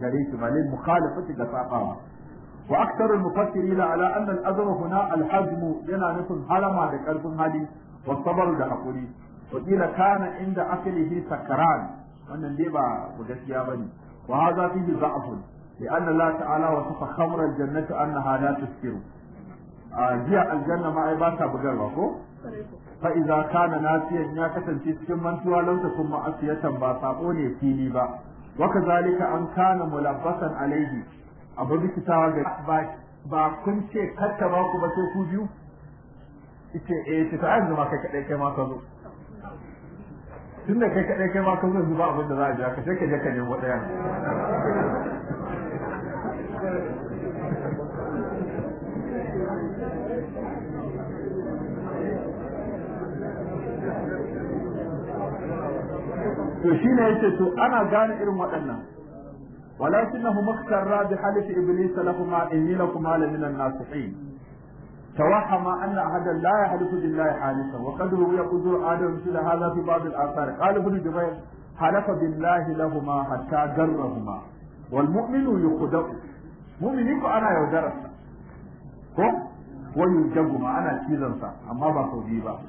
gare shi bane mukhalifati ga sabawa wa aktar al mufassirin ala anna al azr huna al yana nufin halama da karfin hali wa sabar da hakuri wa kila kana inda aklihi sakran wannan dai ba ku gaskiya bane wa hadha fihi da'f li anna allah ta'ala wa safa khamr al jannati annaha la tusiru a jiya aljanna ma'aikata ai ba ta bugarwa ko fa idza kana ya kasance cikin mantuwa lanta kuma asiyatan ba sabo ne fili ba وكذلك أن كان ملبسا عليه أبو بكتاب ba kun ce kacce ba ku ba sai biyu ita eh ce ta yanzu ma kai kadai kai ma ka zo tun da kai kadai kai ma ka zo yanzu ba abin da za a ji ka sai ka je ka nemo ɗayan to shine ce to ana gane irin waɗannan walakinahu maktarra bi halifi iblis lahuma inni lakum ala min an-nasihin توهم أن أحدا لا يحدث بالله حادثا وقد روي قدر آدم مثل هذا في بعض الآثار قال ابن جبير حلف بالله لهما حتى جرهما والمؤمن يخدع مؤمن يكو أنا يودرس ko wani jagu ma ana cizon sa amma ba ko ba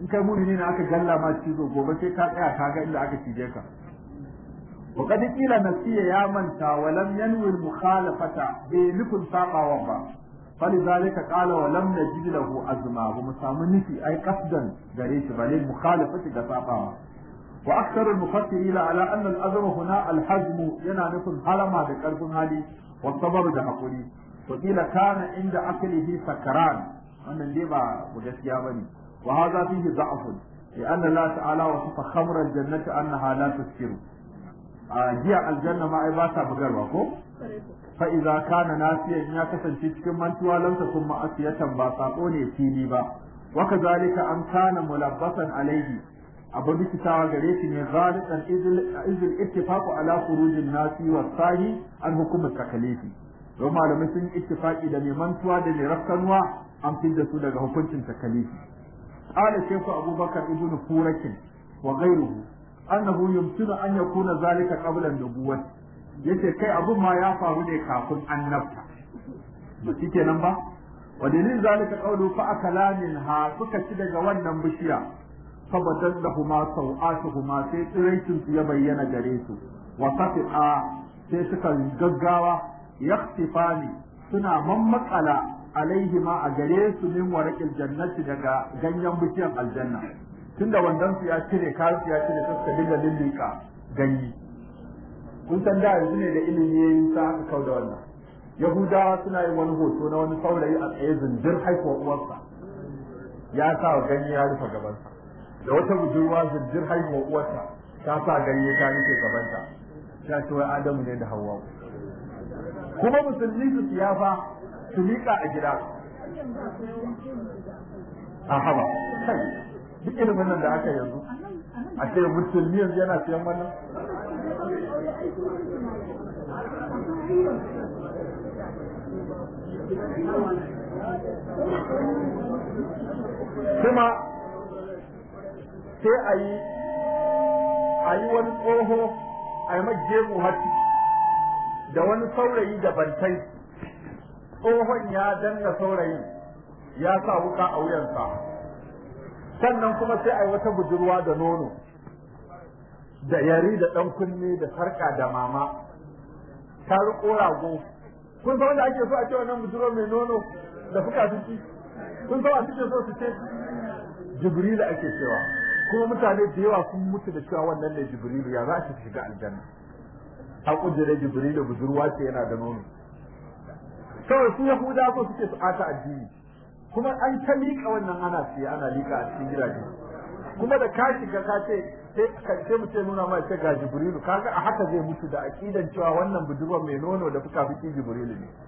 in kai mumini ne aka galla ma cizo gobe sai ka tsaya ka ga inda aka cije ka wa qad qila nasiya ya manta wa lam yanwi mukhalafata bi nukun saqawa ba falizalika qala wa lam najid lahu azma ba mu samu nufi ai qasdan gare shi ba lil mukhalafati da saqawa wa aktharu mufassirina ala anna al-azma huna al yana nufin halama da karfin hali wa sabar da hakuri wa qila kana inda aklihi sakaran wannan dai ba gaskiya bane وهذا فيه ضعف لأن الله تعالى وصف خمر الجنة أنها لا تسكر جيع الجنة ما عباسة بغير فإذا كان ناسيا يا كسن تشكم من توا لم تكن مأسية باطاقوني فيني با وكذلك أن كان ملبسا عليه abu rikitawa gare shi ne zalikan izil ittifaqu ala khurujin nasi wa sahi an hukumar takalifi don malamai sun ittifaqi da mai mantuwa da mai rafkanuwa an fidda su daga hukuncin takalifi قال الشيخ أبو بكر ابن فورك وغيره أنه يمكن أن يكون ذلك قبل النبوة yace kai abun ma ya faru ne kafin annabta ba shi kenan ba wa dalil zalika qawlu fa akalamin ha suka ci daga wannan bishiya fa badallahuma sawatuhuma sai tsiraicin ya bayyana gare su wa safi'a sai suka gaggawa yaktifani suna mammakala alaihi ma a gare su min warakil jannati daga ganyen bishiyan aljanna tunda wandan su ya cire kayan ya cire suka dinga lillika ganyi kun san da yanzu ne da ilimi yayin sa aka kau da wannan yahudawa suna yin wani hoto na wani saurayi a tsaye zindir haifuwar uwarsa ya sa ganyi ya rufe gabansa da wata budurwa zindir haihuwar uwarsa ta sa ganye ta rufe gabanta ta ce wai adamu ne da hawa kuma musulmi su siyafa su miƙa a gida a haba duk ilimin nan da aka yanzu a ce musulmi yanzu yana siyan wannan kuma sai a yi a yi wani tsoho a yi majiyar da wani saurayi da bantai tsohon ya danna saurayin ya sa wuka a wuyansa sannan kuma sai a yi wata budurwa da nono da yari da ɗan kunne da sarƙa da mama ta riƙo rago kun san wanda ake so a ce wannan budurwa mai nono da fuka duki kun san wanda ake so su ce jibrilu ake cewa kuma mutane da yawa sun mutu da cewa wannan ne jibrilu ya za su shiga aljanna a kudure jibrilu budurwa ce yana da nono kawai su yahuda ko suke su ata addini kuma an ta miƙa wannan ana ce ana liƙa a cikin gidaje kuma da ka shiga ka ce sai ce mu ce nuna mai ce ga jibrilu kaga a haka zai mutu da aqidan cewa wannan budurwar mai nono da fuka fuki jibrilu ne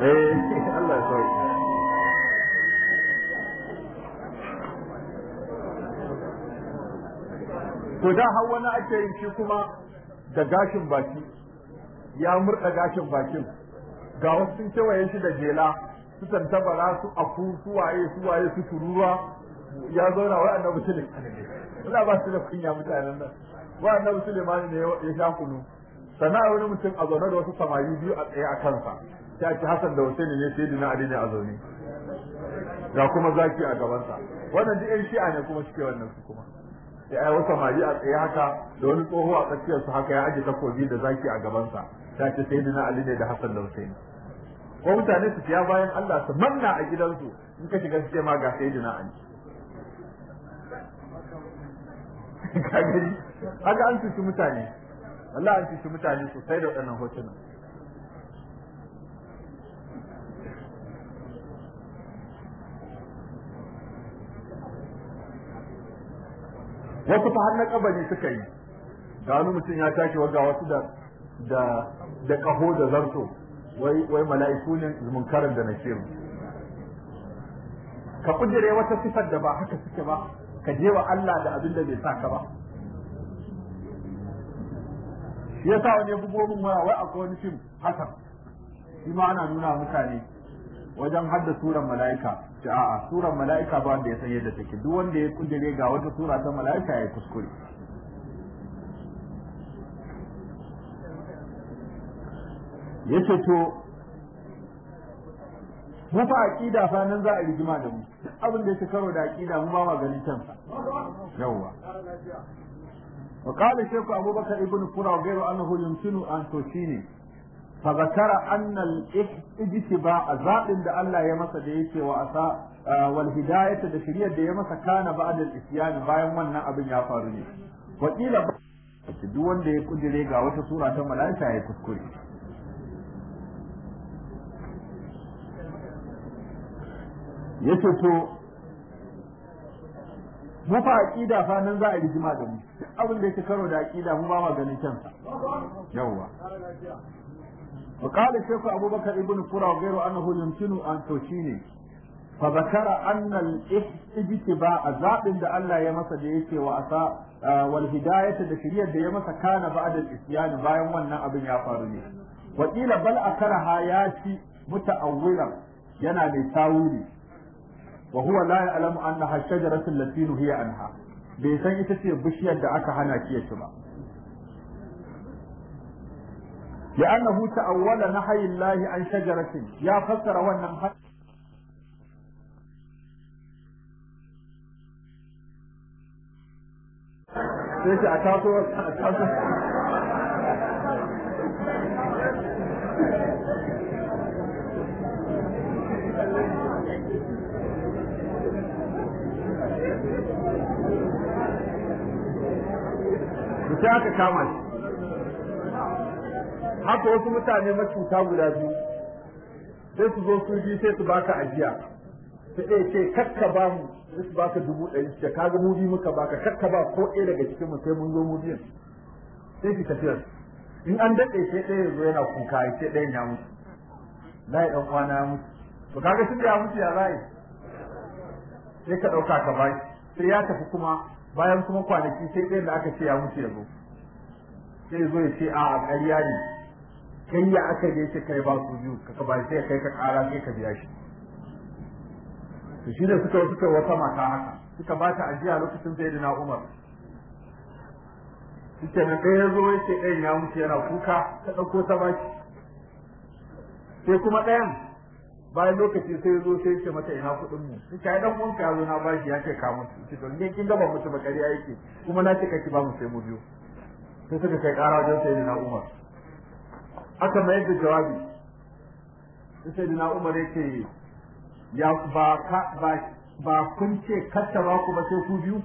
Eh, Allah ya to da har wani ake yin shi kuma da gashin baki ya murda gashin bakin ga wasu sun kewaye shi da jela su tantabara su afu su waye su waye su turuwa ya zauna wa annabi sulaiman Allah ba su da kunya mutanen nan wa annabi sulaiman ne ya sha kunu sana'a wani mutum a zaune da wasu samari biyu a tsaye a kansa ta ce Hassan da Hussein ne sai dina Ali ne a zaune ga kuma zaki a gabansa wannan duk yan shi'a ne kuma suke wannan su kuma da ya wata mari a tsaye haka da wani tsoho a tsakiyarsu haka ya ajiye takobi da zaki a gabansa, ta ce sai na Ali ne da Hassan da husaini ko mutane su ya bayan Allah su manna a gidansu in ka shiga su ce ma ga sai na Ali haka an cuci mutane Allah an cuci mutane sosai da waɗannan hotunan wasu fa har na kabari suka yi ga mutum ya tashi waga wasu da da da kaho da zarto wai wai mala'iku ne munkarin da mu ka kudire wata sifar da ba haka suke ba ka je wa Allah da abin da bai ka ba shi yasa wani ya bugo min waya wai akwai wani fim hasan shi ma ana nuna mutane wajen hadda suran mala'ika ta a'a suran mala'ika ba wanda ya san yadda take duk wanda ya kudire ga wata sura ta mala'ika ya kuskure yace to mu fa aqida fa nan za a rigima da mu abin da yake karo da aqida mu ba ma ganin can yawa وقال الشيخ أبو بكر ابن فرع غير أنه يمكن أن تشيني فذكر أن الاجتباء ذات عند الله يمسى ديك وأسا والهداية دشرية دي يمسى كان بعد الإسيان بايم ونن أبن ne bayan wannan abin ya kudire ga wata sura ta mala'ika ya kuskure yace to mu fa aqida fa nan za a yi rigima da mu abin da yake karo da aqida mu ba ma ganin kansa yawwa وقال الشيخ أبو بكر ابن قرى وغيره أنه يمكن أن تشيني فذكر أن الاجتباء ذات أن الله يمس ديكي وأساء والهداية الشريعة يمس كان بعد الإسيان بايم وانا أبن يافارني وقيل بل أكلها ياتي متأولا ينا لتاولي وهو لا يعلم أنها الشجرة التي نهي عنها bai san ita ce bishiyar da aka hana ki ya ci ba لأنه تأول نحي الله عن شجرة يا فسر والنمحة ليش أتاكو أتاكو sai aka kama haka wasu mutane macuta guda biyu sai su zo su bi sai su baka ajiya su ɗaya ce kakka ba mu sai su baka dubu ɗari ce kaga mu bi muka baka kakka ba ko ɗaya daga cikin mu sai mun zo mu biyan sai su tafiyar in an daɗe sai ɗaya zo yana kuka ya ce ɗayan ya mutu na yi ɗan ya mutu to kaga tun ya mutu ya zai sai ka ɗauka ka bashi sai ya tafi kuma bayan kuma kwanaki sai ɗayan da aka ce ya mutu ya zo sai zo ya ce a a ƙarya ne kai ya aka ne ce kai ba su biyu ka ba sai kai ka kara sai ka biya shi to shi ne suka suka wata mata haka suka ba ta ajiya lokacin na Umar suke nan kai ya zo yake ɗayan ya mutu yana kuka ta ɗauko ta baki sai kuma ɗayan bayan lokaci sai ya zo sai ce mata ina kuɗin mu suka yi ɗan wanka ya zo na bashi ya ce ka su. ce to ne kin gaba mutu ba ƙarya yake kuma na ce kake ba mu sai mu biyu sai suka kai ƙara wajen na Umar aka mai da jawabi sai na umar ya ce ya ba ba ba kun ce katta ba ku ba sai ku biyu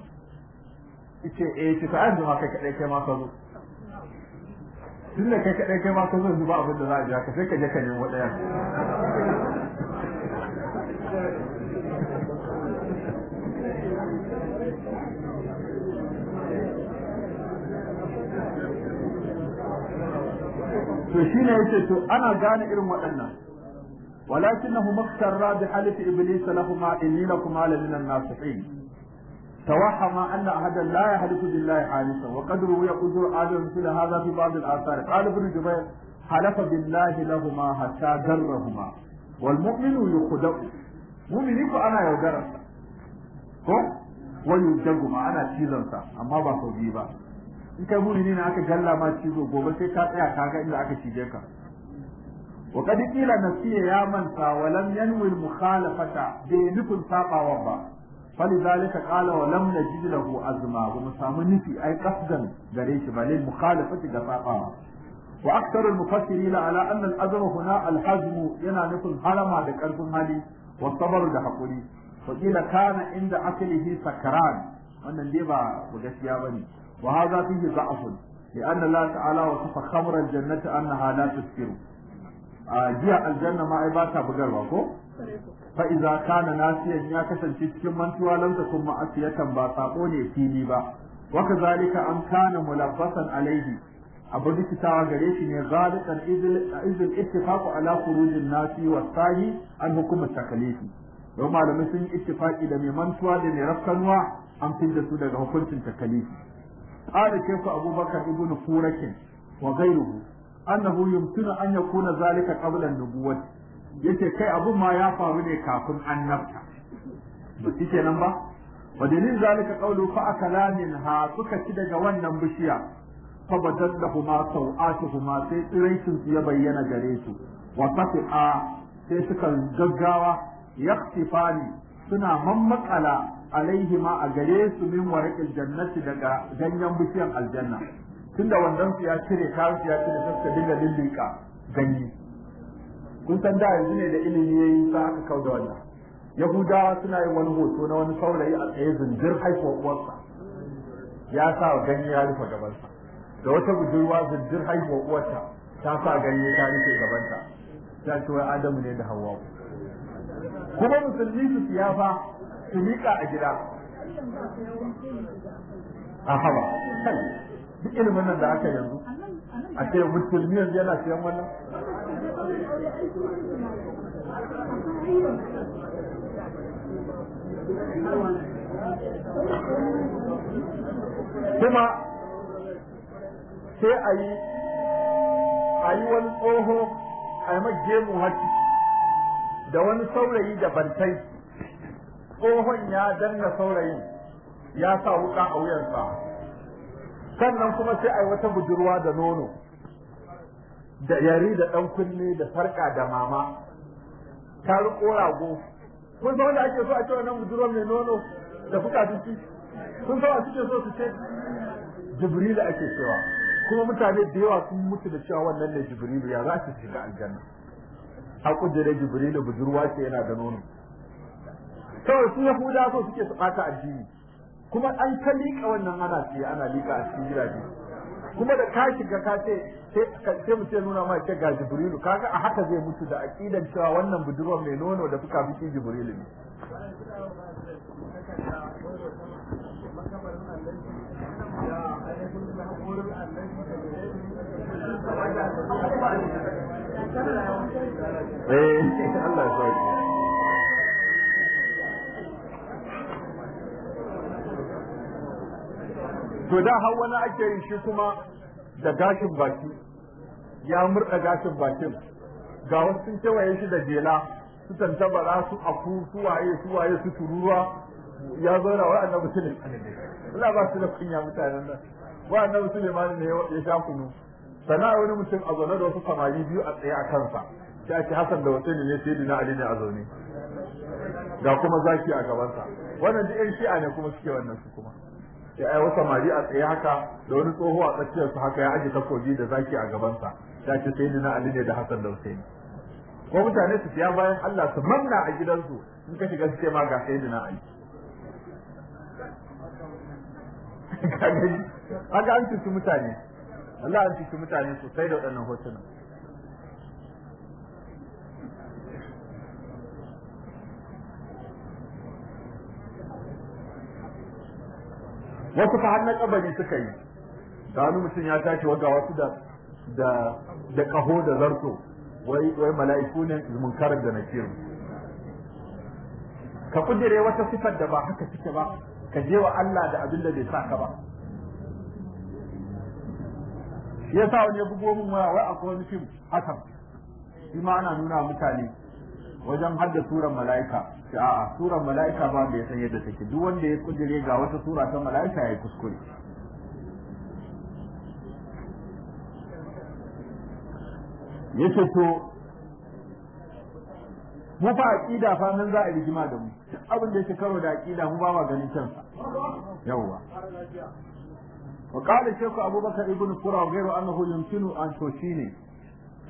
ce eh ki ta yanzu ma kai kai ma ka zo tunda kai kai ma ka zo yanzu ba abin da za a ji ka sai ka je ka nemi wadaya to ya ce to ana gane irin waɗannan walakinahu maktarra bi halifi iblis lahuma inni lakum ala min an-nasihin توهم ya أحدا لا يحلف بالله حالفا وقد روي أجر آدم مثل هذا في بعض الآثار قال ابن جبير حلف بالله لهما حتى جرهما والمؤمن يخدع مؤمن يكو أنا يودرسا ko wani jagu ma ana cizonsa amma ba sau biyu ba in kai mumini ne aka galla ma cizo gobe sai ka tsaya ka ga inda aka cije ka wa qad qila nasiya ya manta wa lam yanwi al mukhalafata bi nufin sabawa ba falidhalika qala wa lam najid lahu azma wa musamu nufi ai qasdan gare shi ba lil mukhalafati ga sabawa wa aktaru al mufassirina ala anna al azma huna al hazm yana nufin halama da karfin hali wa sabr da hakuri wa qila kana inda aklihi sakran wannan dai ba gaskiya bane وهذا فيه ضعف لأن الله تعالى وصف خمر الجنة أنها لا تسكر جيع الجنة ما عباتها بقربة فإذا كان ناسيا ياكسا تشكم من لم تكن معصية باطاقوني فيني با وكذلك أن كان ملبسا عليه abu rikitawa gare shi ne galikan izil ittifaqu ala khurujin nasi wa sahi an hukumar takalifi don malamai sun yi ittifaqi da mai mantuwa da mai rafkanuwa an fidda su daga hukuncin takalifi قال الشيخ أبو بكر ابن فورك وغيره أنه يمكن أن يكون ذلك قبل النبوة yace kai abun ma ya faru ne kafin annabta ba shi kenan ba wa dalil zalika qawlu fa akala ha suka ci daga wannan bishiya fa badallahuma sawatuhuma sai tsiraicin su ya bayyana gare su wa tafi'a sai suka gaggawa yaqtifani suna mammakala alaihi ma a gare su min warqil jannati daga ganyen bishiyan aljanna tunda wandan su ya cire kayan su ya cire suka dinga lillika ganye kun san da yanzu ne da ilimi yayi sa aka da wannan yahudawa suna yin wani hoto na wani saurayi a tsaye zindir haifo uwarsa ya sa ganye ya rufe gabansa da wata budurwa zindir haifo uwarta ta sa ganye ta rufe gabanta ta ce wai adamu ne da hawa kuma musulmi su siyafa su miƙa a gida a haba duk ilimin nan da aka yanzu a ce musulmi yanzu yana siyan wannan kuma sai a yi a yi wani tsoho a yi gemu haki da wani saurayi da bantai tsohon ya danna saurayin ya sa wuka a wuyansa sannan kuma sai a wata budurwa da nono da yari da ɗan kunne da sarƙa da mama ta riƙo rago kun san wanda ake so a ce wannan budurwa mai nono da fuka duki kun san wa suke so su ce jibrilu ake cewa kuma mutane da yawa sun mutu da cewa wannan ne jibrilu ya za su shiga aljanna a kujere jibrilu budurwa ce yana da nono kawai su yahuda so suke su ɓata addini kuma an ta liƙa wannan ana ce ana liƙa a cikin gidaje kuma da ka shiga ka ce sai mu ce nuna ma ce ga jibrilu kaga a haka zai mutu da aqidan cewa wannan budurwar mai nono da fuka fiki jibrilu ne Eh, Allah ya to da har wani ake yin shi kuma da gashin baki ya murɗa gashin bakin ga wasu sun kewaye shi da jela su tantabara su afu su waye su waye su turuwa ya zauna wa annabi sulaiman Allah ba su da kunya mutanen nan wa annabi sulaiman ne ya sha kunu sana wani mutum a zaune da wasu samari biyu a tsaye a kansa ya ce Hassan da wasu ne sai dina Ali ne a zaune ga kuma zaki a gabansa wannan duk yan shi'a ne kuma suke wannan su kuma ya ai Samari a tsaye haka da wani tsoho a tsakiyar su haka ya aje takobi da zaki a gabansa ya ce sai na Ali ne da hasan da Hussein ko mutane su fiya bayan Allah su manna a gidansu in ka shiga ce ma ga sai na Ali Haka an ci mutane Allah an ci mutane sosai da waɗannan hotunan wasu fa har na kabari suka yi da wani mutum ya tashi waga wasu da ƙaho da kaho zarto wai wai mala'iku ne karar da nakiru ka kudire wata sifar da ba haka take ba ka je wa Allah da abin da bai sa ka ba yasa wani ya bugo min waya wai akwai wani fim hasan shi ma ana nuna mutane wajen hadda suran mala'ika a'a suran mala'ika ba bai san yadda take duk wanda ya kudire ga wata sura ta mala'ika ya kuskure yace to mu fa aqida fa nan za a rigima da mu abin da yake karo da aqida mu ba wa ganin kansa yawwa وقال الشيخ Abubakar Ibn ابن قرى غير أنه يمكن أن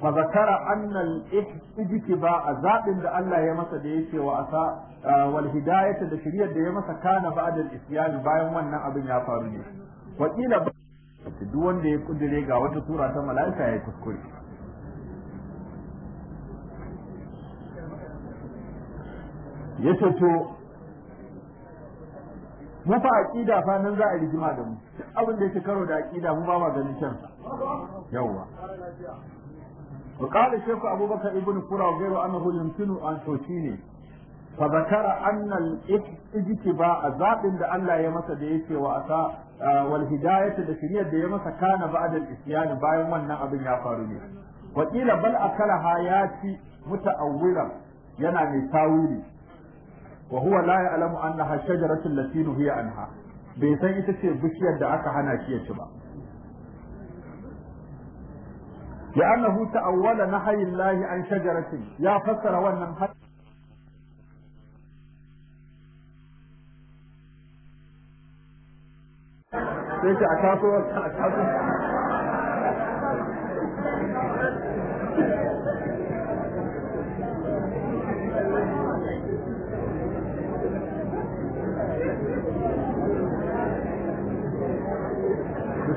fa zakara anna al-ijtiba azabin da Allah ya masa da yake wa asa wal hidayata da shiriyar da ya masa kana ba'da al-isyan bayan wannan abin ya faru ne wa kila duk wanda ya kudire ga wata sura ta mala'ika ya kuskure yace to mu fa aqida fa nan za a rigima da mu abin da yake karo da aqida mu ba ma ganin can yawa وقال الشيخ أبو بكر ابن كرة وغيره أنه يمكن أن توشيني فذكر أن الاجتباء ذات إن الله يمس ديسي وأتى والهداية الشريعة ديمس كان بعد الإسيان بايوم وانا أبن يافاروني وقيل بل أكل حياتي متأولا ينا متاولي وهو لا يعلم أنها الشجرة التي نهي عنها بيسان إتسي بشيء دعك هنا شيء شبه لأنه تأول نهي الله عن شجرة يا فسر والنمحة ya fassara wannan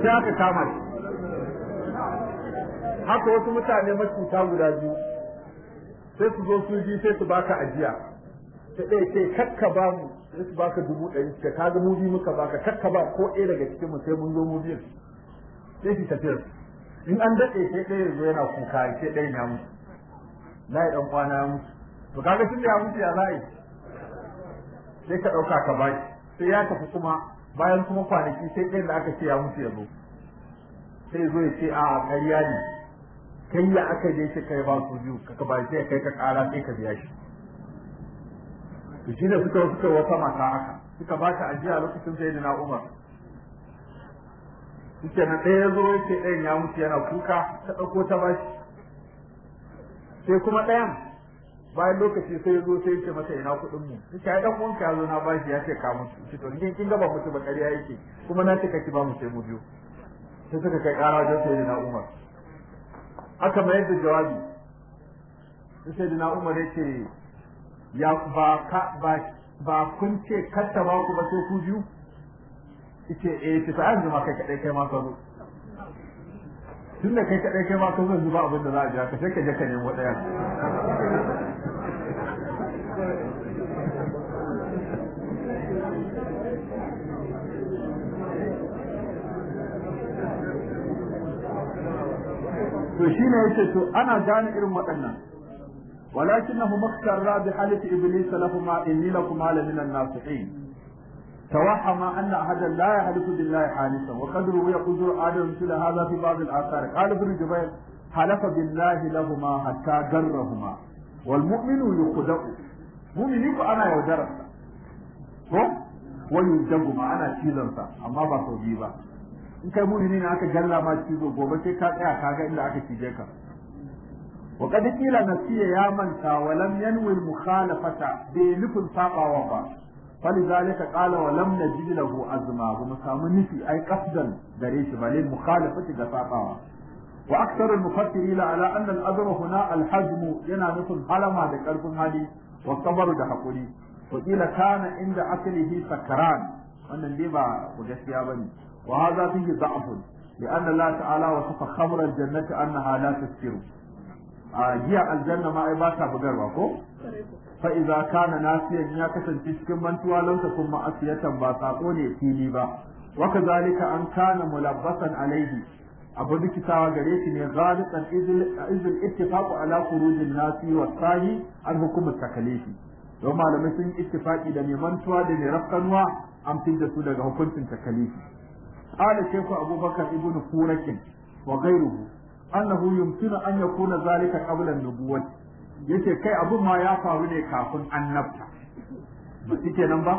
sai aka kama shi haka wasu mutane macuta guda biyu sai su zo su ji sai su baka ajiya ta ɗaya ce kakka ba mu sai su baka dubu ɗari ka ga mu biyu muka baka kakka ba ko ɗaya daga cikin mu sai mun zo mubi sai su tafiyar in an daɗe sai ɗaya ya zo yana kuka sai ɗaya ya mutu na yi ɗan kwana ya mutu to kaga tun da ya mutu ya za'a sai ka ɗauka ka bashi sai ya tafi kuma bayan kuma kwanaki sai ɗaya da aka ce ya mutu ya zo sai zo ya ce a ƙarya ne kai ya aka je shi kai ba su biyu ka ba sai kai ka kara sai ka biya shi to shi ne suka suka wata mata aka suka ba ta ajiya lokacin sai na Umar suke na ɗaya ya zo yake ɗayan ya mutu yana kuka ta ɗauko ta ba shi sai kuma ɗayan bayan lokaci sai ya zo sai ya ce mata ina kuɗin mu suke ai ɗan wanka ya zo na ba shi ya ce ka mutu shi to ni kin ga ba mutu ba ƙarya yake kuma na ce ki ba mu sai mu biyu sai suka kai ƙara wajen na Umar aka mayar da jawabi sai da umar yake ya ba ka ba ba kun ce katta ba ku ba sai ku biyu yake eh ki ta an ma kai kadai kai ma ka zo tunda kai kadai kai ma ka zo ba abin da za a jira ka sai ka je ka nemo daya to shine yace to ana gane irin waɗannan ولكنه مختار بحالة إبليس لهما إني لكما لمن الناصحين توهم أن أحدا لا يحلف بالله حالفا وقد روي قدر آدم مثل هذا في بعض الآثار قال ابن جبير حلف بالله لهما حتى جرهما والمؤمن يخدع مؤمن يكو أنا يودرسا ويجب معنا شيئا أما بصديبا in kai mumini ne aka galla ma ci zo gobe sai ka tsaya ka ga inda aka cije ka wa qad qila nasiya ya manta wa lam yanwi al mukhalafata bi lifin sabawa ba falidhalika qala wa lam najid azuma azma wa nufi nifi ai qasdan gare shi bale mukhalafati da sabawa wa aktsar al mufassirin ala anna al azma huna al hajm yana nufin halama da karfin hali wa kamaru da hakuri wa qila kana inda aslihi sakran wannan dai ba ku gaskiya bane وهذا فيه ضعف لأن الله تعالى وصف خمر الجنة أنها لا تسكر giya aljanna ma ai ba ta bugarwa ko fa idza kana nasiyan ya kasance cikin mantuwa lauta kun ma'asiyatan ba sako ne fili ba wa kazalika an kana mulabbasan alaihi abu dukitawa gare shi ne ghaliqan izil ittifaqu ala khurujin nasi wa sahi an hukumu takalifi don malamai sun yi ittifaqi da mai mantuwa da mai rafkanuwa an fidda su daga hukuncin takalifi قال شيخ أبو بكر ابن فورك وغيره أنه يمكن أن يكون ذلك قبل النبوة yace kai abun ma ya faru ne kafin annabta ba su kenan ba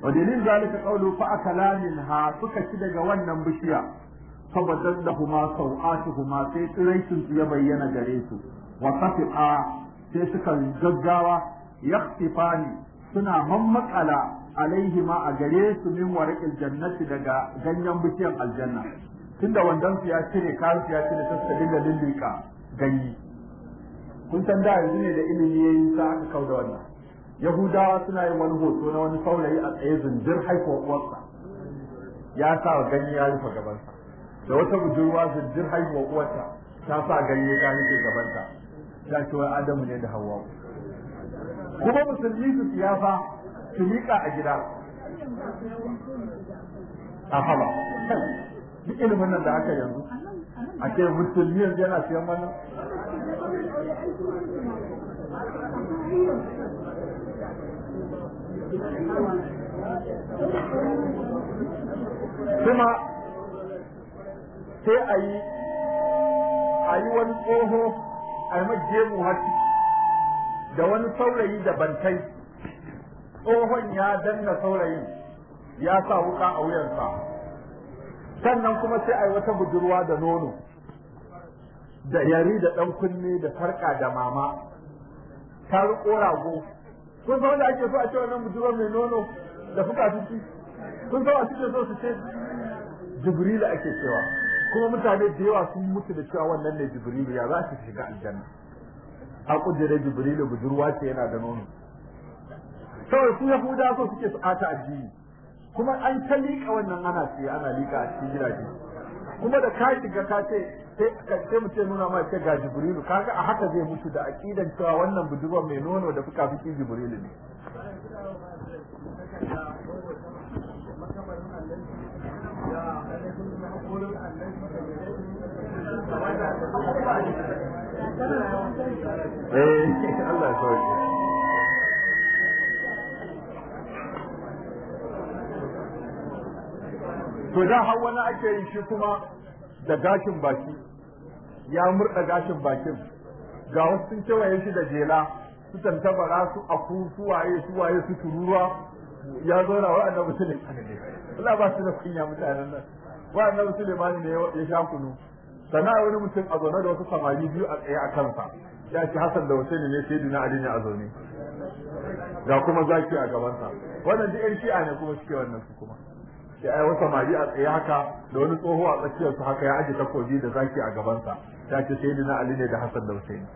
wa dalil zalika qawlu fa akala ha suka ci daga wannan bishiya fa badallahuma sawatuhuma sai tsiraitin su ya bayyana gare su wa tafiqa sai suka gaggawa yaqtifani suna mammakala alaihi ma a gare su min warqil jannati daga ganyen bishiyar aljanna tunda wandan su ya cire kayan su ya cire ta dinga lulluka ganyi kun san da yanzu ne da ilimi yayi sa aka kauda wannan yahudawa suna yin wani hoto na wani saurayi a tsaye zindir haihuwar uwarsa ya sa ganyi ya rufe gabansa da wata budurwa zindir haihuwar uwarsa ta sa ganyi ya rufe gabanta ta ce wai adamu ne da hawa kuma musulmi su siyafa su miƙa a gida a haba duk ilimin nan da aka yanzu a ke musulmi yanzu yana siyan wannan kuma sai a yi a yi wani tsoho a yi majiyar haki da wani saurayi da bantai tsohon ya danna saurayin ya sa wuka a wuyansa sannan kuma sai a yi wata budurwa da nono da yari da ɗan kunne da farka da mama ta riƙo rago kun san da ake so a ce wannan budurwa mai nono da fuka duki kun san a suke so su ce jibrilu ake cewa kuma mutane da yawa sun mutu da cewa wannan ne jibrilu ya za su shiga aljanna a kujerar jibrilu budurwa ce yana da nono kawai su yahuda so suke su ata addini kuma an ta liƙa wannan ana ce ana liƙa a cikin gidaje kuma da ka shiga ka ce sai mu ce nuna ma ce ga jibrilu kaga a haka zai mutu da aqidan cewa wannan budurwar mai nono da fuka fuki jibrilu ne eh, Allah ya to da har wani ake yi shi kuma da gashin baki ya murɗa gashin bakin ga wasu sun kewaye shi da jela su tantabara su aku su waye su waye su turuwa ya zauna wa annabi Sulaiman ne Allah ba su da kunya mutanen nan wa annabi ne ya sha kunu sana wani mutum a zaune da wasu samari biyu a tsaye a kansa ya ce Hassan da Hussein ne sai dina Ali ne a zaune ga kuma zaki a gabansa wannan duk yan shi'a ne kuma suke wannan su kuma sai ai wata mari a tsaye haka da wani tsoho a tsakiyar su haka ya aje takobi da zaki a gabansa, sa ta ce sai na Ali ne da Hassan da Hussein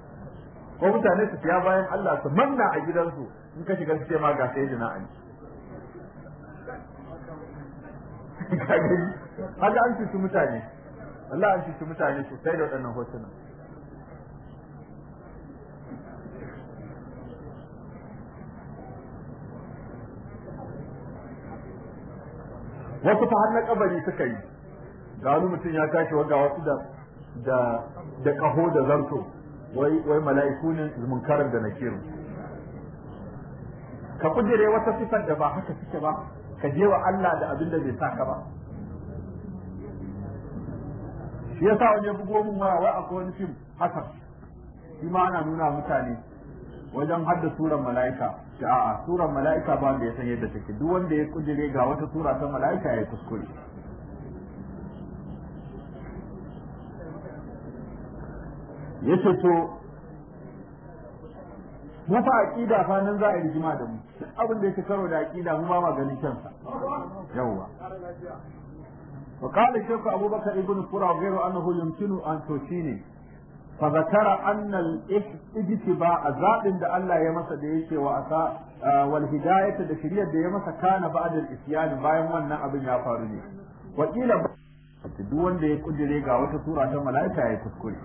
ko mutane su ya bayan Allah su manna a gidansu in ka shiga su ma ga sai na Ali Allah an ci mutane Allah an ci mutane sosai da waɗannan hotunan wasu fa har na kabari suka yi ga wani mutum ya tashi ga wasu da da da kaho da zarto wai wai mala'iku ne munkarar da nakiru ka kujere wata sifar da ba haka suke ba ka je wa Allah da abin da bai saka ba shi yasa wani ya bugo mun waya wai akwai wani fim haka shi ana nuna mutane wajen hadda suran mala'ika a'a suran mala'ika ba wanda ya san yadda take duk wanda ya kujire ga wata sura ta mala'ika ya kuskure Ya ce to mu fa aqida fa nan za a yi rigima da mu abin da yake karo da aqida mu ba ma ganin kansa yawwa وقال الشيخ أبو بكر ابن قرى غير أنه يمكن أن تشيني fa zakara anna ba a zabin da Allah ya masa da yake wa asa wal da shiriyar da ya masa kana ba'da al-isyan bayan wannan abin ya faru ne wa kila duk wanda ya kudire ga wata sura ta mala'ika ya kuskure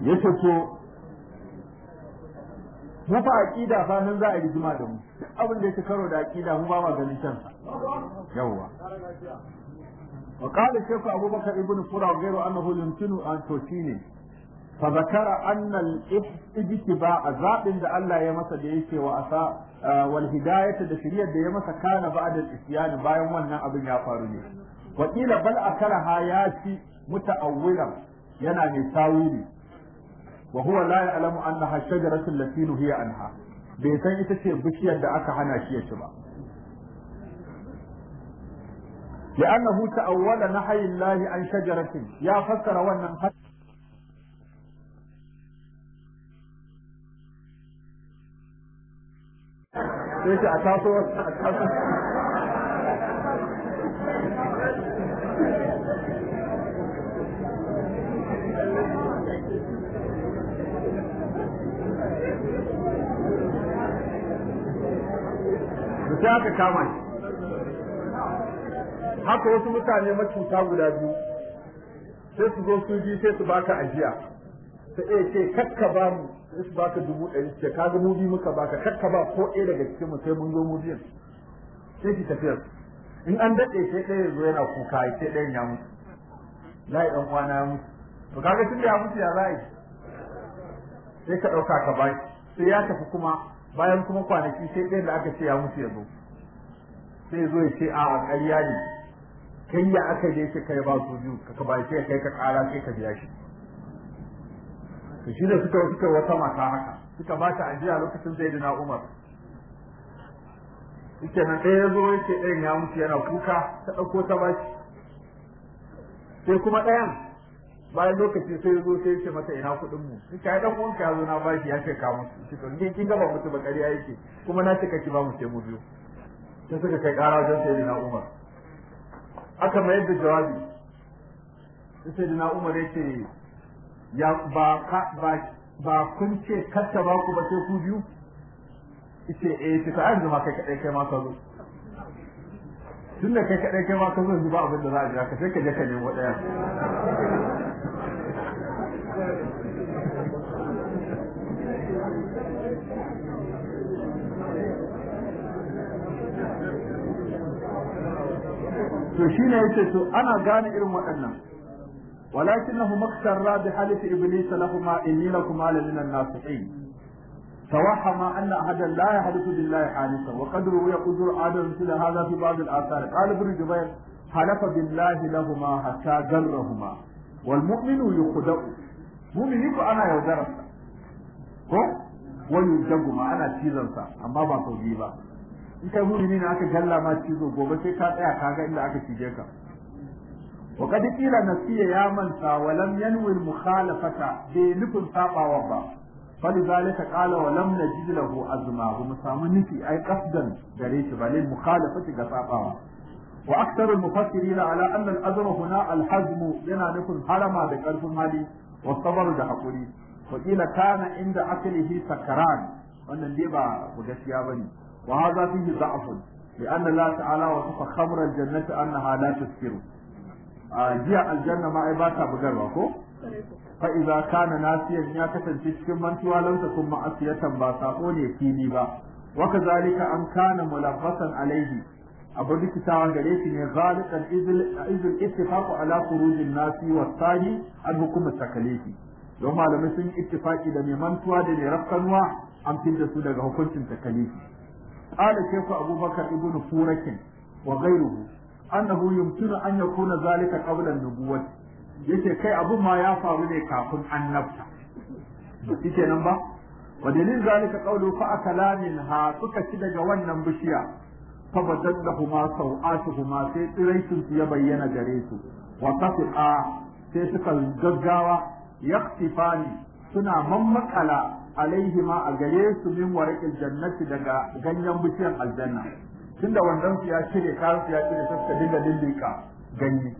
yace to mu fa aqida fa nan za a jima da mu abin da yake karo da aqida mu ba ma ganin can وقال الشيخ أبو بكر ابن قرى وغيره أنه يمكن أن تشيني فذكر أن الاتباع ذات عند الله يمسى ديك وأساء والهداية دشرية يمسى كان بعد الإسيان بايا وانا أبن يافارني وقيل بل أكلها ياتي متأولا ينا نتاويلي وهو لا يعلم أنها الشجرة التي نهي عنها بيتين تشير بشيا دعك هنا شيئا لأنه تأول نحي الله عن شجرة يا فكر وأن ليش أتاسو أتاسو da haka wasu mutane macuta guda biyu sai su zo su ji sai su baka ajiya ta iya ce kakka ba mu sai su baka dubu ɗari ce ga mu bi muka baka kakka ba ko ɗaya daga cikin mu sai mun zo mu biyan sai ki tafiyar in an daɗe sai ɗaya ya zo yana kuka ya ce ɗayan ya mutu layi ɗan kwana ya mutu to kaga tun da ya mutu ya za yi sai ka ɗauka ka ba sai ya tafi kuma bayan kuma kwanaki sai ɗayan da aka ce ya mutu ya zo sai ya zo ya ce a ƙarya ne kai ya aka je shi kai ba su biyu ka ba sai kai ka kara sai ka biya shi to shi ne suka suka wata mata haka suka ba ta ajiya lokacin da na Umar yake nan ɗaya ya zo yake ɗayan ya mutu yana kuka ta ɗauko ta ba shi sai kuma ɗayan bayan lokaci sai zo sai yake mata ina kuɗin mu kika ai dan uwanka yazo na bashi ya ce ka musu shi to ni kin ga ba mutu ba ƙarya yake kuma na ce kake ba mu sai mu biyu sai suka kai ƙara wajen sai na Umar aka mai da jawabi sai da umar yake ce ya ba ka ba ba kun ce kasta ba ku ba sai ku biyu ce eh ta an zama kai kai kai ma ka zo tunda kai kai kai ma ka zo yanzu ba abin da za a jira ka sai ka je ka nemo daya to shine yace to ana gane irin waɗannan ولكنه مكسر بحالة إبليس لهما إني لكما لمن الناصحين توهم أن أحدا لا يحدث بالله حادثا وقد روي قدر آدم مثل هذا في بعض الآثار قال ابن جبير حلف بالله لهما حتى جرهما والمؤمن يخدع مؤمن يقول أنا يودرسا ko wani jagu ma ana cizonsa amma ba sau biyu ba in kai mumini ne aka jalla ma cizo gobe sai ka tsaya ka ga inda aka cije ka wa kad qila nasiya ya manta wa lam yanwi al mukhalafata nufin sabawa ba fa lidhalika qala wa lam najid lahu azma hu musamman nufi ai qasdan gare shi bale mukhalafati ga sabawa wa aktar al mufassirin ala anna al azma huna al yana nufin harama da karfin hali wa sabar da hakuri wa kila kana inda akalihi sakaran wannan ne ba ku gaskiya bane وهذا فيه ضعف لأن الله تعالى وصف خمر الجنة أنها لا تسكر جاء الجنة ما إباتا بقربكو فإذا كان ناسيا يكتن تشكم من لم تكن معصية باساقون يكيني با وكذلك أن كان ملبسا عليه أبو دي كتاوان غاليتني غالقا إذ الاتفاق على خروج الناس والثاني الحكومة التكليفي يوم على مسلم اتفاق إذا من منتوى دي رفقا وعن تلدسوا لغا حكومة التكليفي قال الشيخ أبو بكر ابن فورك وغيره أنه يمكن أن يكون ذلك قبل النبوة yace kai abun ma ya faru ne kafin annabta shike nan ba wa dalil zalika qawlu fa akala ha suka ci daga wannan bishiya fa badallahuma sau'atuhuma sai tsiraitin su ya bayyana gare su wa tafiqa sai suka gaggawa yaqtifani suna mammakala alaihima a gare su min warqil jannati daga ganyen bishiyar aljanna tunda wannan su ya cire kayan su ya cire sai dinga ka ganye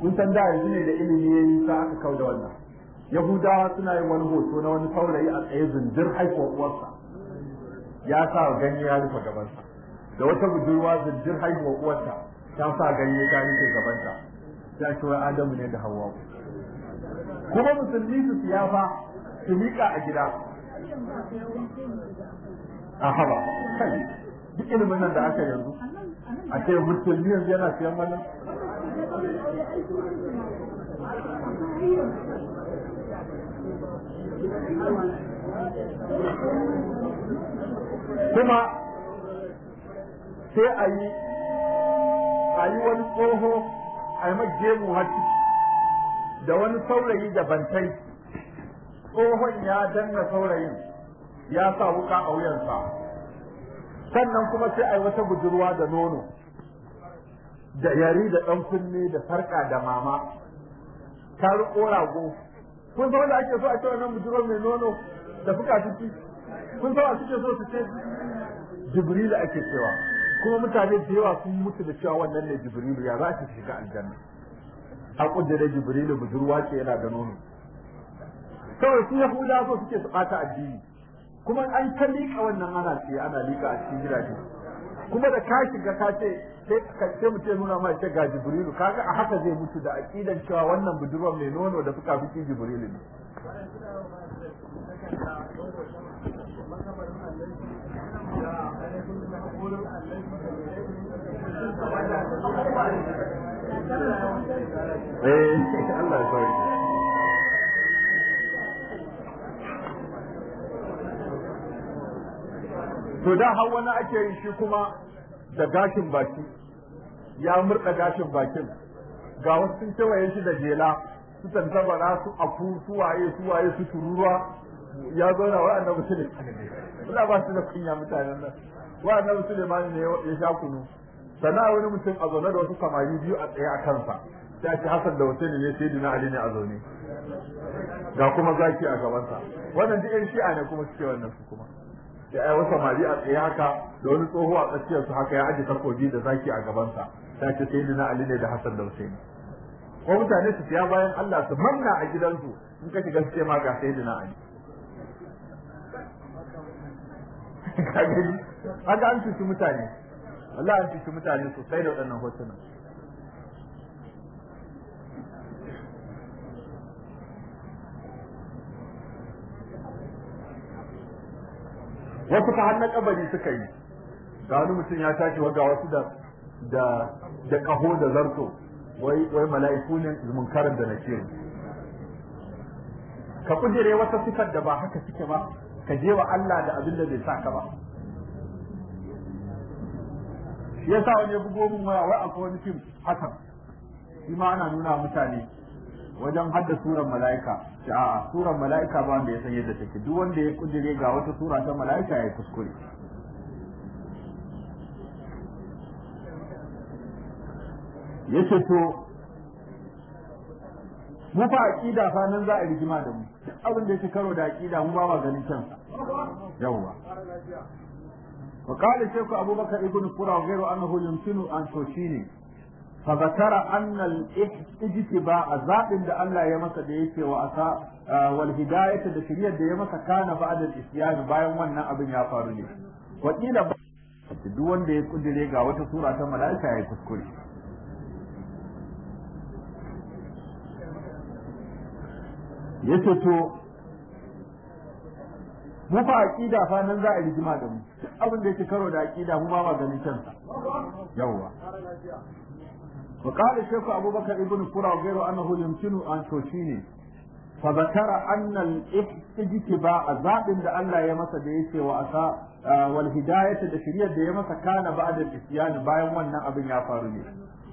kun san da yanzu ne da ilimi yayi sa aka da wannan yahudawa suna yin wani hoto na wani saurayi a tsaye zindir haihuwar uwarsa ya sa ganye ya rufe gabansa da wata budurwa zindir haihuwar uwarsa ta sa ganye ta rufe gabanta ta ce adamu ne da hawa kuma musulmi su siyafa su miƙa a gida a haba kai duk ilimin nan da aka yanzu a ce musulmi yanzu yana siyan wannan kuma sai a yi a yi wani tsoho a yi gemu har da wani saurayi da bantai tsohon ya danna saurayin ya sa wuka a wuyansa sannan kuma sai a yi wata budurwa da nono da yari da ɗan kunne da sarƙa da mama ta riƙo rago kun san wanda ake so a cewa nan budurwa mai nono da fuka ciki kun san wasu ke so su ce jibrilu ake cewa kuma mutane da yawa sun mutu da cewa wannan ne jibrilu ya za ta shiga aljanna a kudura jibrilu budurwa ce yana da nono kawai su yahuda so suke su bata addini kuma an ta liƙa wannan ana ce ana liƙa a cikin gidaje kuma da ka shiga ka ce sai ka ce mu ce nuna ma ce ga jibrilu kaga a haka zai mutu da aqidan cewa wannan budurwar mai nono da fuka fuki jibrilu ne Eh, Allah ya to da har wani ake yi shi kuma da gashin baki ya murɗa gashin bakin ga wasu sun kewaye shi da jela su tantabara su afu su waye su waye su tururuwa ya zauna wa annabi sule Allah ba su da kunya mutanen nan wa annabi sulaiman ne ya sha kunu sana wani mutum a zaune da wasu samari biyu a tsaye a kansa ta ce Hassan da Hussein ne sai dina Ali ne a zaune ga kuma zaki a gabansa wannan duk yan shi'a ne kuma suke wannan su kuma da ai samari a tsaye haka da wani tsoho a tsakiyar haka ya aje takobi da zaki a gabansa ta ce sai na Ali ne da Hassan da Husaini ko mutane su fiya bayan Allah su manna a gidansu in ka shiga su ma ga sai na Ali haka an cuci mutane allah an cuci mutane sosai da waɗannan hotunan wasu fa har na kabari suka yi ga wani mutum ya tashi ga wasu da da da kaho da zarto wai wai mala'iku ne karin da nake ka kujere wata sifar da ba haka suke ba ka je wa Allah da abin da bai sa ka ba shi yasa wani ya bugo mun waya wai akwai wani fim haka shi ana nuna mutane wajen hadda suran mala'ika a surar mala'ika ba wanda ya san yadda take duk wanda ya kudire ga wata sura ta mala'ika ya yi kuskure yace to mu fa aqida fa nan za a rigima da mu duk abin da yake karo da aqida mu ba ma ganin can yawa ku abubakar أبو بكر ابن قرى غير أنه يمكن أن ne. Ka batara annar Itici ba a zaɓin da Allah ya masa da ya da shirya da ya masa, ka na fa'adar Isiyya bayan wannan abin ya faru ne. Wani iya duk wanda ya kudire ga wata sura ta mala'ika ya yi kuskure. Ya to, nufa a ƙida sa nan za a yi jima'a da mu, abin da ya karo da a mu ba maganin shan yau ba. وقال الشيخ أبو بكر ابن كرة وغيره أنه يمكن أن تشيني فذكر أن الاجتباء ذات لأن لا يمس بيسي وأساء والهداية الشريعة دي يمس كان بعد الإسيان باين وانا أبن يافارني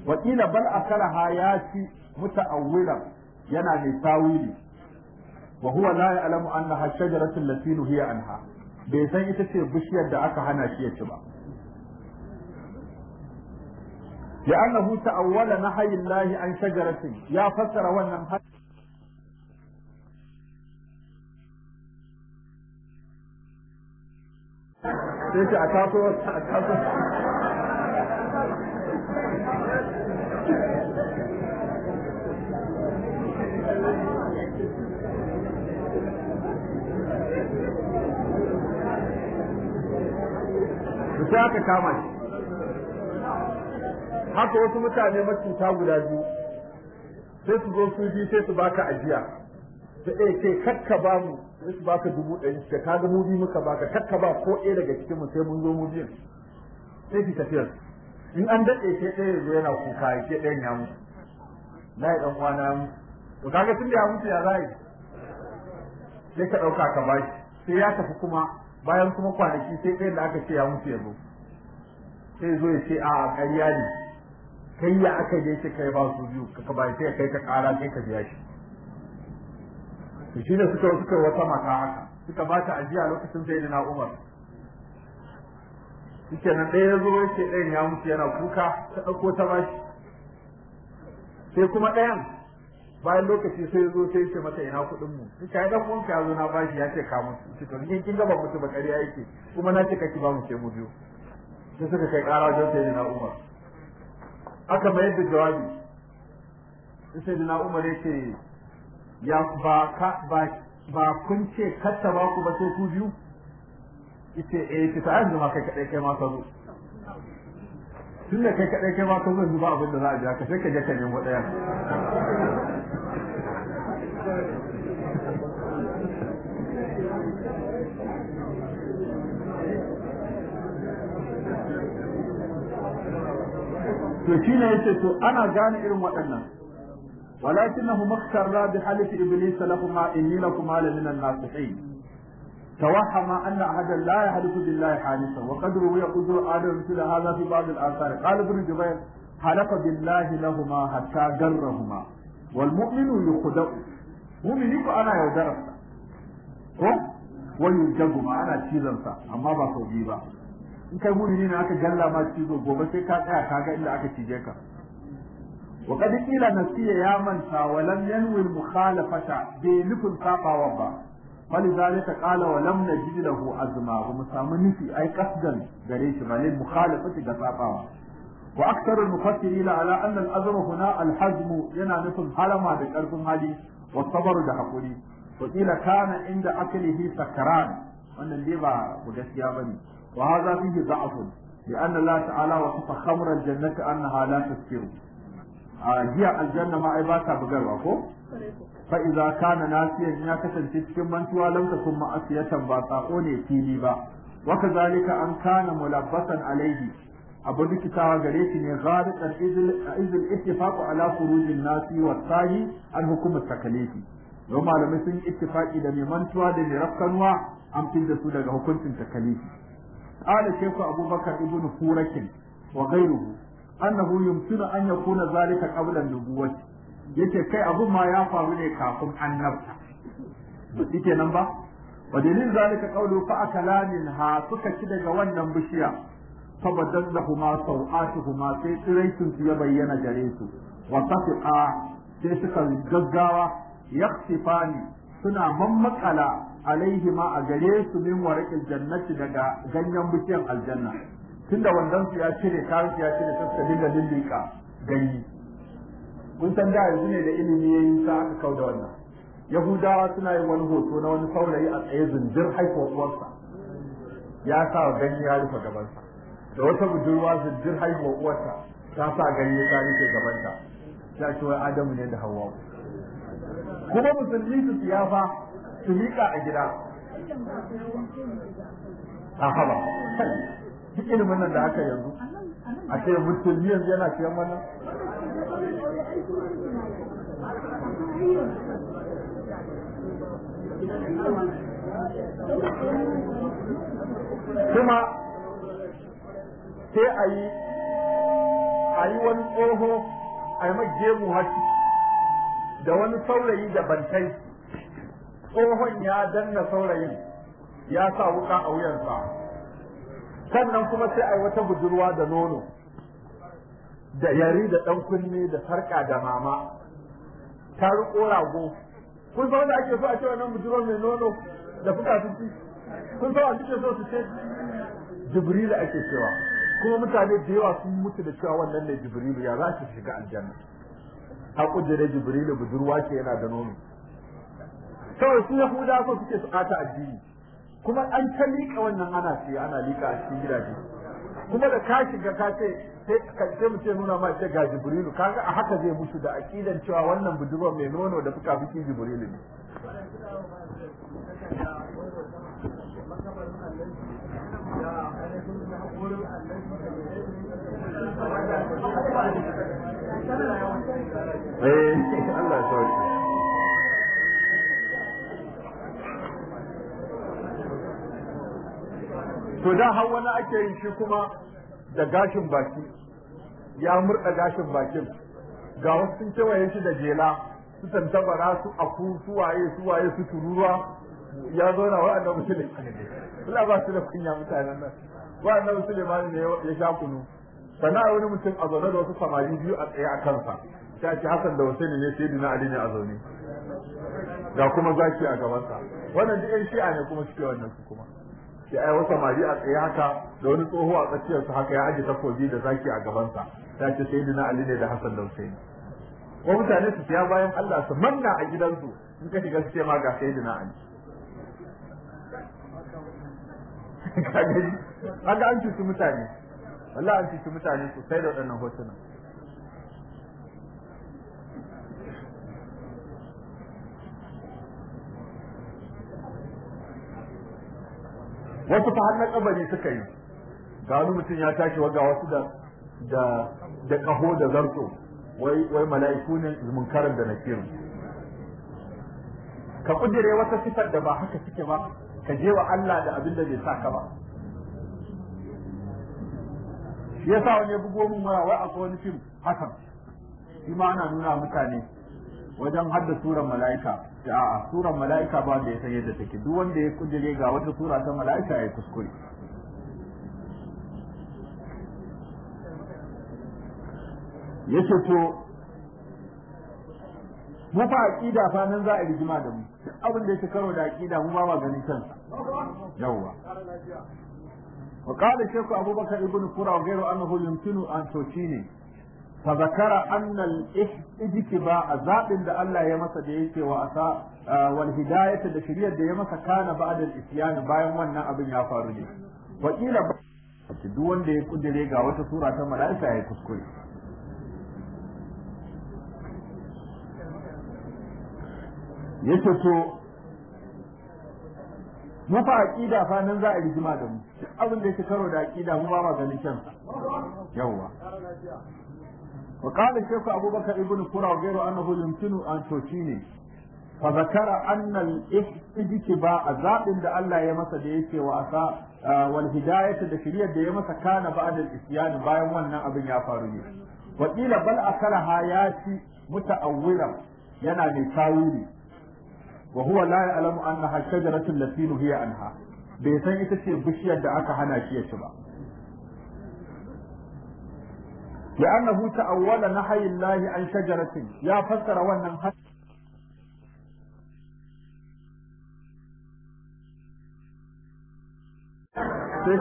وقيل بل أكلها ياتي متأولا ينا لتاويلي وهو لا يعلم أنها الشجرة التي نهي عنها bai san ita ce bishiyar da aka hana shi ya ci ba لأنه تأول نهي الله عن شجرة يا فسر ونهي sai ce a taso a taso sai aka kama shi haka wasu mutane macuta guda biyu sai su zo su bi sai su baka ajiya da ɗaya ce kakka ba mu sai su baka dubu ɗari da ka ga mu bi muka baka kakka ba ko ɗaya daga cikin mu sai mun zo mu biyan sai fi tafiyar in an daɗe ke ɗaya zo yana kuka ya ke ɗayan ya mutu na yi ɗan uwana ya mutu to kaga tun da ya mutu ya za yi sai ka ɗauka ka ba shi sai ya tafi kuma bayan kuma kwanaki sai ɗayan da aka ce ya mutu ya zo sai zo ya ce a ƙarya ne kai ya aka je shi kai ba su biyu ka ba sai kai ka kara sai ka biya shi to ne suka suka wata mata haka suka ba ta ajiya lokacin sai na Umar shike nan ɗaya zo yake ɗayan ya mutu yana kuka ta ɗauko ta bashi sai kuma ɗayan bayan lokaci sai zo sai ce mata ina kuɗin mu suka yi ɗan ka ya zo na bashi ya ce ka mutu shi to ni kin ba mutu ba ƙarya yake kuma na ce kaki ba mu ce mu biyu sai suka kai ƙara wajen sai na Umar aka mayar da jawabi sai da umar ya ce ya ba ka ba ba kun ce katta ba ku ba sai ku biyu ita eh ki ta yanzu ma kai kadai kai ma ka zo tunda kai kadai kai ma ka zo ba abin da za a ji ka sai ka je ka wadaya to shine yace to ana gane irin waɗannan walakinahu maktarra bi halifi iblis lahumma inni lakum ala min an-nasihin توهم أن أحدا لا يحلف بالله حالفا وقد روي قدر آدم مثل هذا في بعض الآثار قال ابن جبير حلف بالله لهما حتى جرهما والمؤمن يخدع مؤمن يبقى أنا يودرسا ko wani jagu ma ana amma ba sau biyu ba in kai mumini ne aka galla ma cizo gobe sai ka tsaya ka ga inda aka cije ka wa qad qila nasiya ya manta wa lam yanwi mukhalafata bi nufin safawa ba falizalika qala wa lam najid lahu azma wa musamu nufi ai kasdan gare shi ba lil mukhalafati da sabawa wa aktharu mufassirin ala anna al-azm huna al-hazm yana nufin halama da karfin hali wa sabar da hakuri wa qila kana inda aklihi sakran wannan dai ba ku gaskiya bane وهذا فيه ضعف لأن الله تعالى وصف خمر الجنة أنها لا تسكر هي الجنة ما عباتها بقرة فإذا كان ناسيا يا كتن منتوى لم تكن مأسية باطاقوني فيني با وكذلك أن كان ملبسا عليه أبو لكتاب غريتني غارقا إذ الاتفاق على خروج الناس والثاني الحكم التكليفي وما لم يكن اتفاق إلى من منتوى لنرفقا وأمتد سودك حكم تكليفي قال الشيخ أبو بكر ابن فورك وغيره أنه يمكن أن يكون ذلك قبل النبوة yake kai abun ma ya faru ne kafin annabta ba shi kenan ba wa dalil zalika qawlu fa akala minha suka ci daga wannan bishiya fa badallahuma sawatuhuma sai tsiraitin su ya bayyana gare su wa tafiqa sai suka gaggawa yaksifani suna mammakala alaihi ma a gare su min warakin jannati daga ganyen bishiyar aljanna tunda wandan su ya cire kayan ya cire sai dinga lillika ganyi mun san da yanzu ne da ilimi yayin sa aka da wannan yahudawa suna yin wani hoto na wani saurayi a tsaye zindir haifo uwarsa ya sa ganye ya rufe gabansa da wata budurwa zindir haihuwar uwarsa ta sa ganye ya rufe gabanta ta ce wai adamu ne da hawa kuma musulmi su siyafa su miƙa a gida a haba duk ilimin nan da aka yanzu a ce mutum yanzu yana siyan wannan kuma sai a yi a yi wani tsoho a yi gemu haki da wani saurayi da bantai tsohon ya danna saurayin ya sa wuka a wuyansa sannan kuma sai a wata budurwa da nono da yari da ɗan kunne da sarƙa da mama ta riƙo rago kun san wanda ake so a ce wannan budurwar mai nono da fuka tuki kun san wanda ake so su ce jibrilu ake cewa kuma mutane da yawa sun mutu da cewa wannan ne jibrilu ya za su shiga aljanna a kujere jibrilu budurwa ce yana da nono kawai su yahuda so suke su ata addini kuma an ta liƙa wannan ana ce ana liƙa a cikin gidaje kuma da ka shiga ka ce sai mu ce nuna ma ce ga jibrilu kaga a haka zai musu da aqidan cewa wannan budurwar mai nono da fuka fuki jibrilu ne Eh to da har wani ake yin shi kuma da gashin baki ya murda gashin bakin ga wasu sun kewaye shi da jela su tantabara su aku su waye su waye su tururuwa ya zauna wa'annan musulmi Allah ba su da kunya mutanen nan wa'annan musulmi ne ya sha kunu sana'a wani mutum a zaune da wasu samari biyu a tsaye a kansa ta ce Hassan da Hussein ne sai dina Ali ne a zaune ga kuma zaki a gabansa wannan duk yan shi'a ne kuma suke wannan su kuma ya ai wata mari a tsaye haka da wani tsoho a tsakiyar su haka ya aje takobi da zaki a gaban sa ta ce sayyidina Ali ne da Hassan da Husaini ko mutane su ya bayan Allah su manna a gidansu in ka shiga su ce ma ga sayyidina Ali kaga an ci su mutane wallahi an ci su mutane sosai da waɗannan hotunan wasu fa har na suka yi ga mutum ya tashi waga wasu da da da kaho da zarto wai wai mala'iku ne munkarin da nakirin ka ƙudire wata sifar da ba haka suke ba ka je wa Allah da abin da bai sa ka ba shi yasa wani bugo mun mara wai akwai wani fim hakan shi ma ana nuna mutane wajen hadda suran mala'ika a suran mala'ika ba da ya san yadda take duk wanda ya kujere ga wata sura ta mala'ika ya kuskure yace to mu fa aqida fa nan za a rigima da mu abin da yake karo da aqida mu ba ba gani kansa yawa وقال الشيخ أبو بكر ابن كرة وغيره أنه يمكن أن تشيني فذكر ba a ذات da Allah ya masa da yake wa asa wal hidayata da shiriyar da ya masa kana ba'da al-isyan bayan wannan abin ya faru ne wakila duk wanda ya kudire ga wata sura ta mala'ika ya kuskure yace to mu fa aqida fa nan za a yi rigima da mu abin da yake karo da aqida mu ba ma ganin kansa yawwa وقال الشيخ أبو بكر ابن كرة وغيره أنه يمكن أن تشيني فذكر أن الاحتجاء ذات عند الله يمسى ديكي وأسا والهداية الشريعة دي يمسى كان بعد الإسيان باين وانا أبن يافارني وقيل بل أكل حياتي متأولا ينا لتاويلي وهو لا يعلم أنها الشجرة التي نهي عنها bai san ita ce bishiyar da aka hana shi ya ci ba لأنه تأول نحي الله عن شجرة يا فسر وأن sai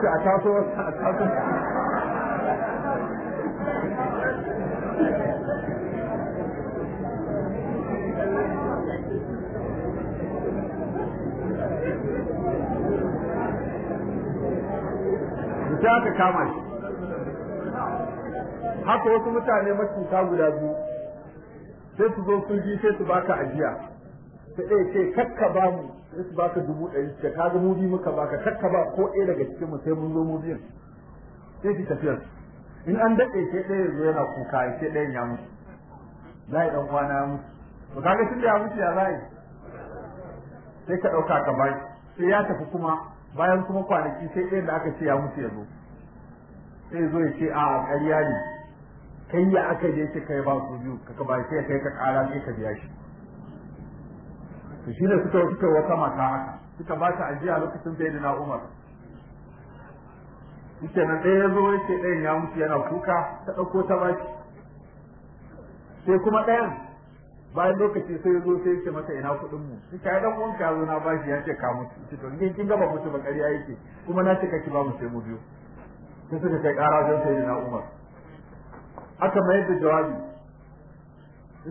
a taso haka wasu mutane macuta guda biyu sai su zo sun ji sai su baka ajiya su ɗaya ce kakka ba mu sai su baka dubu ɗari ka kaga mu bi muka baka kakka ba ko ɗaya daga cikin mu sai mun zo mu biyan sai su tafiyar in an daɗe sai ɗaya zo yana kuka ya sai ɗayan ya mutu za a yi ɗan kwana ya mutu to kaga tun da ya mutu ya za yi sai ka ɗauka ka bai sai ya tafi kuma bayan kuma kwanaki sai ɗayan da aka ce ya mutu ya zo sai zo ya ce a ƙarya ne kai ya aka je shi kai ba su biyu ka ba sai kai ka kara sai ka biya shi to shine suka suka wata mata haka suka ba ta ajiya lokacin da na Umar yake nan ɗaya zo yake ɗayan ya mutu yana kuka ta ɗauko ta ba shi sai kuma ɗayan bayan lokaci sai zo sai ce mata ina kuɗin mu shi ɗan dan wanka zo na shi ya ce ka mutu shi to ni kin gaba mutu ba ƙarya yake kuma na ce kake ba mu sai mu biyu sai suka kai ƙara don sai na Umar aka mayar da jawabi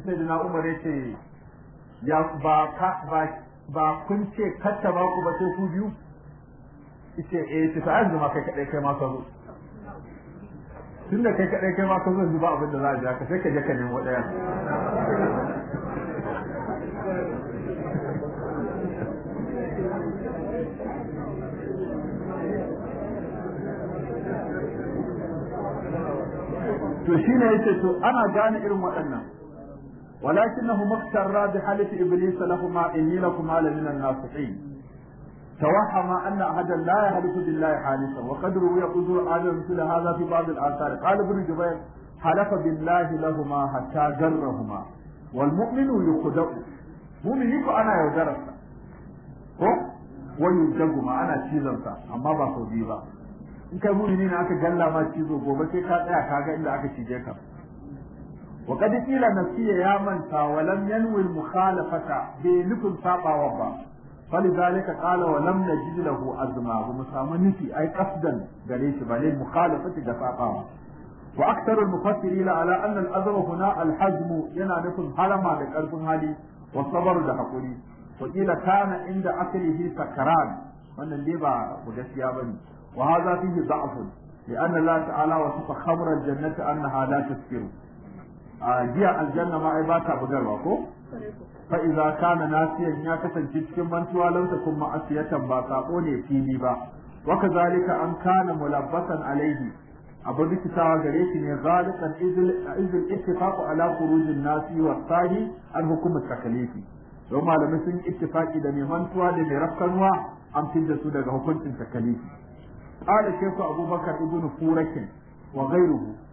sai da na umar ya ce ya ba ka ba ba kun ce katta ba ku ba sai ku biyu ce eh ki ta zama kai kadai kai ma ka zo tun da kai kadai kai ma ka zo ba abin da za a ja ka sai ka je ka nemi wadaya to ne ya ce to ana gane irin waɗannan walakin na humar sharra da halitta iblis na kuma in yi na kuma halin nan nasu fi tawaha ma an na ahadar la ya halittu din la ya halitta wa kadiru ya kuzo ajiyar da haza fi halafa bin lahi la kuma hata garra yi kudau mumin yi ku ana yaudararsa ko wani jagu ma ana cizonsa amma ba sau biyu ba in kai mumini ne aka galla ma cizo gobe sai ka tsaya ka ga inda aka cije ka wa qad qila nasiya ya manta wa lam yanwi mukhalafata bi nufin sabawa ba falidhalika qala wa lam najid lahu azma wa musamma nufi ai qasdan gare shi ba ne mukhalafati da sabawa wa aktharu al ala anna al azma huna al hajm yana nufin harama da karfin hali wa sabr da hakuri wa qila kana inda aklihi sakaran wannan dai ba gaskiya bane وهذا فيه ضعف لأن الله تعالى وصف خمر الجنة أنها لا تسكر جيع الجنة ما عباتها بجربة فإذا كان ناسيا ياكسا جدك من ba. تكن معصية باقاقوني فيني با وكذلك أن كان ملبسا عليه Abun rikitawa gare shi ne zalikan izil ittifaqu ala khurujin nasi wa sahi an hukumar takalifi don malamai sun ittifaqi da mai mantuwa da mai rafkanwa an fidda su daga hukuncin takalifi qala shaykh abubakar ibn furakin wa ghayruhu